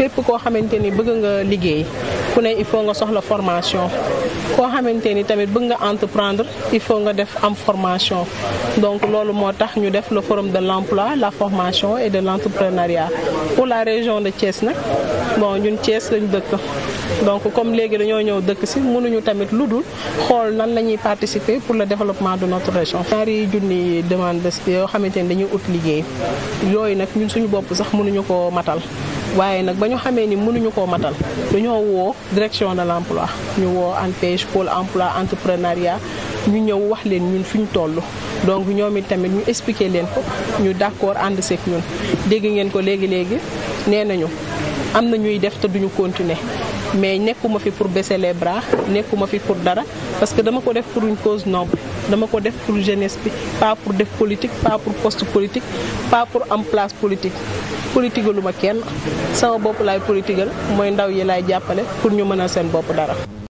képp koo xamante ni bëgg nga liggéey ku ne il faut nga soxla formation koo xamante ni tamit bëgg nga entreprendre il faut nga def am formation donc loolu moo tax ñu def la forum de l'emploi la formation et de l'entrepreneuriat pour la région de Thiès nag bon ñun Thiès lañu dëkk donc comme léegi dañoo ñëw dëkk si mënuñu tamit lu dul xool nan la ñuy participer pour le développement de notre région ñaari junni demande yoo xamante ni dañuy ut liggéey yooyu nag ñun suñu bopp sax mënuñu ko matal waaye nag ba ñu xamee ni mënuñu koo matal dañoo woo direction de l'emploi ñu woo ANPEJ pôle emploi entrepreneuriat ñu ñëw wax leen ñun fi ñu toll donc ñoom it tamit ñu expliquer leen ko ñu d'accord ànd seeg ñun dégg ngeen ko léegi léegi nee nañu am na ñuy def te duñu continuer mais nekkuma fi pour baisser les bras nekkuma fi pour dara parce que dama ko def pour une cause noble dama ko def pour jeunesse bi pas pour def politique pas pour post politique pas pour am place politique politigalu ma kenn sama bopp laay politigal mooy ndaw yi laay jàppale pour ñu mënal seen bopp dara